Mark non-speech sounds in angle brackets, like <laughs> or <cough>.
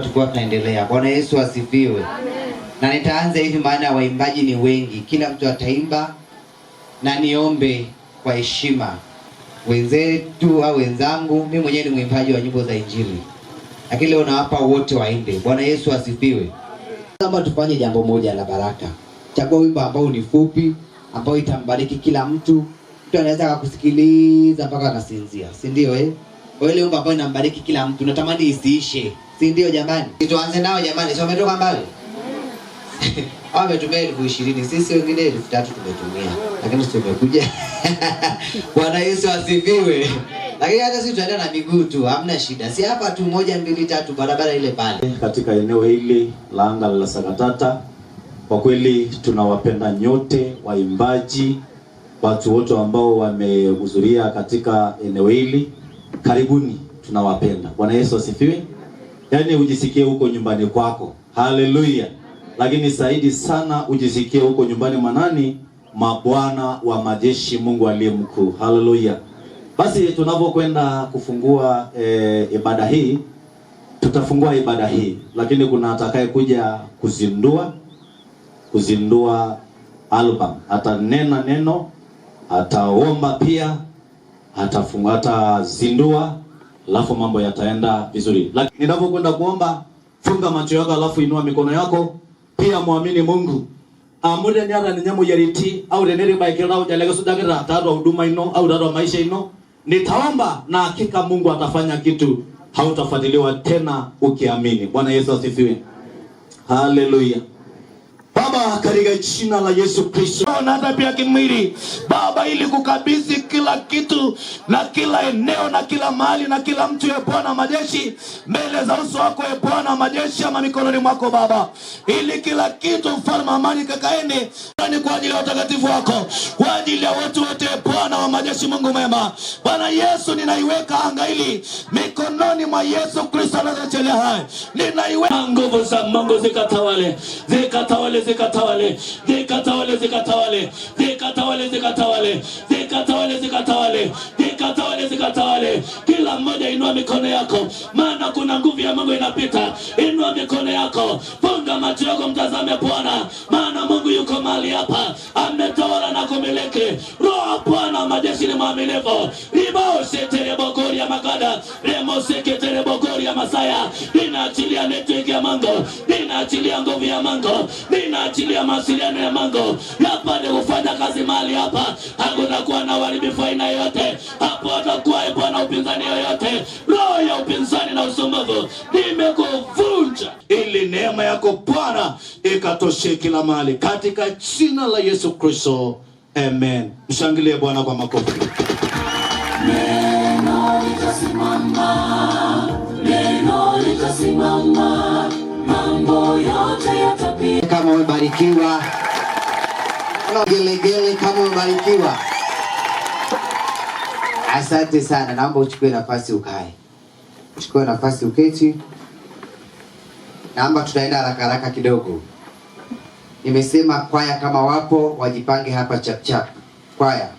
tukuwa tunaendelea. Bwana Yesu asifiwe. Na nitaanza hivi, maana waimbaji ni wengi, kila mtu ataimba, na niombe kwa heshima wenzetu au wenzangu. Mimi mwenyewe ni mwimbaji wa nyimbo za Injili, lakini leo nawapa wote waimbe. Bwana Yesu asifiwe. Kama tufanye jambo moja la baraka, chagua wimbo ambao ni fupi, ambao itambariki kila mtu. Mtu anaweza akakusikiliza mpaka anasinzia, si ndio eh? Kwa hiyo wimbo ambao inambariki kila mtu, natamani isiishe. Si ndio jamani? Tuanze nao jamani, si wametoka mbali? Hao <laughs> wametumia elfu ishirini, sisi wengine elfu tatu tumetumia. Lakini sisi tumekuja. <laughs> Bwana Yesu asifiwe. Lakini hata sisi tunaenda na miguu tu, hamna shida. Si hapa tu moja mbili tatu barabara ile pale. Katika eneo hili la anga la Sakatata kwa kweli tunawapenda nyote waimbaji, watu wote ambao wamehudhuria katika eneo hili. Karibuni, tunawapenda. Bwana Yesu asifiwe yaani ujisikie huko nyumbani kwako. Haleluya! Lakini zaidi sana ujisikie huko nyumbani manani mabwana wa majeshi, Mungu aliye mkuu. Haleluya! Basi tunapokwenda kufungua e, ibada hii tutafungua ibada hii, lakini kuna atakaye kuja kuzindua kuzindua album, atanena neno, ataomba pia, atafungua, atazindua alafu mambo yataenda vizuri. Lakini ninapokwenda kuomba, funga macho yako, alafu inua mikono yako, pia muamini Mungu amule ah, nyara nyamu yariti au reneri baikira au jalege sudagira tatu wa huduma ino au tatu wa maisha ino, nitaomba na hakika Mungu atafanya kitu, hautafuatiliwa tena ukiamini. Bwana Yesu asifiwe, haleluya. Baba, katika jina la Yesu Kristo, na hata pia kimwili Baba, ili kukabidhi kila kitu na kila eneo na kila mahali na kila mtu, ya Bwana majeshi, mbele za uso wako, ya Bwana majeshi, ama mikononi mwako Baba, ili kila kitu, mfalme amani, kakaende ni yaani kwa ajili ya watakatifu wako, kwa ajili ya watu wote, Bwana wa majeshi, Mungu mwema, Bwana Yesu, ninaiweka anga hili mikononi mwa Yesu Kristo anazochelea hai, ninaiweka nguvu za Mungu zikatawale, zikatawale, zikatawale zikatawale, zikatawale, zikatawale, zikatawale, zikatawale, zikatawale, zikatawale, zikatawale zote zikatawale. Kila mmoja inua mikono yako, maana kuna nguvu ya Mungu inapita. Inua mikono yako, funga macho yako, mtazame Bwana, maana Mungu yuko mahali hapa, ametawala na kumiliki. Roho Bwana majeshi ni mwaminifu. ribaoseterebogori ya magada remoseketerebogori ya masaya ninaachilia network ya mango, ninaachilia nguvu ya mango, ninaachilia mawasiliano ya mango yapate kufanya kazi mahali hapa, hakuna kuwa na uharibifu aina imekuvunja, ili neema yako Bwana ikatoshe kila mahali, katika jina la Yesu Kristo, amen. Mshangilie Bwana kwa makofi. Neno litasimama, neno litasimama, mambo yote yatapita. Kama umebarikiwa gelegele, kama umebarikiwa Asante sana, naomba uchukue nafasi ukae. Chukua nafasi uketi. Naomba tunaenda haraka haraka kidogo. Nimesema kwaya kama wapo wajipange hapa chapchap. Kwaya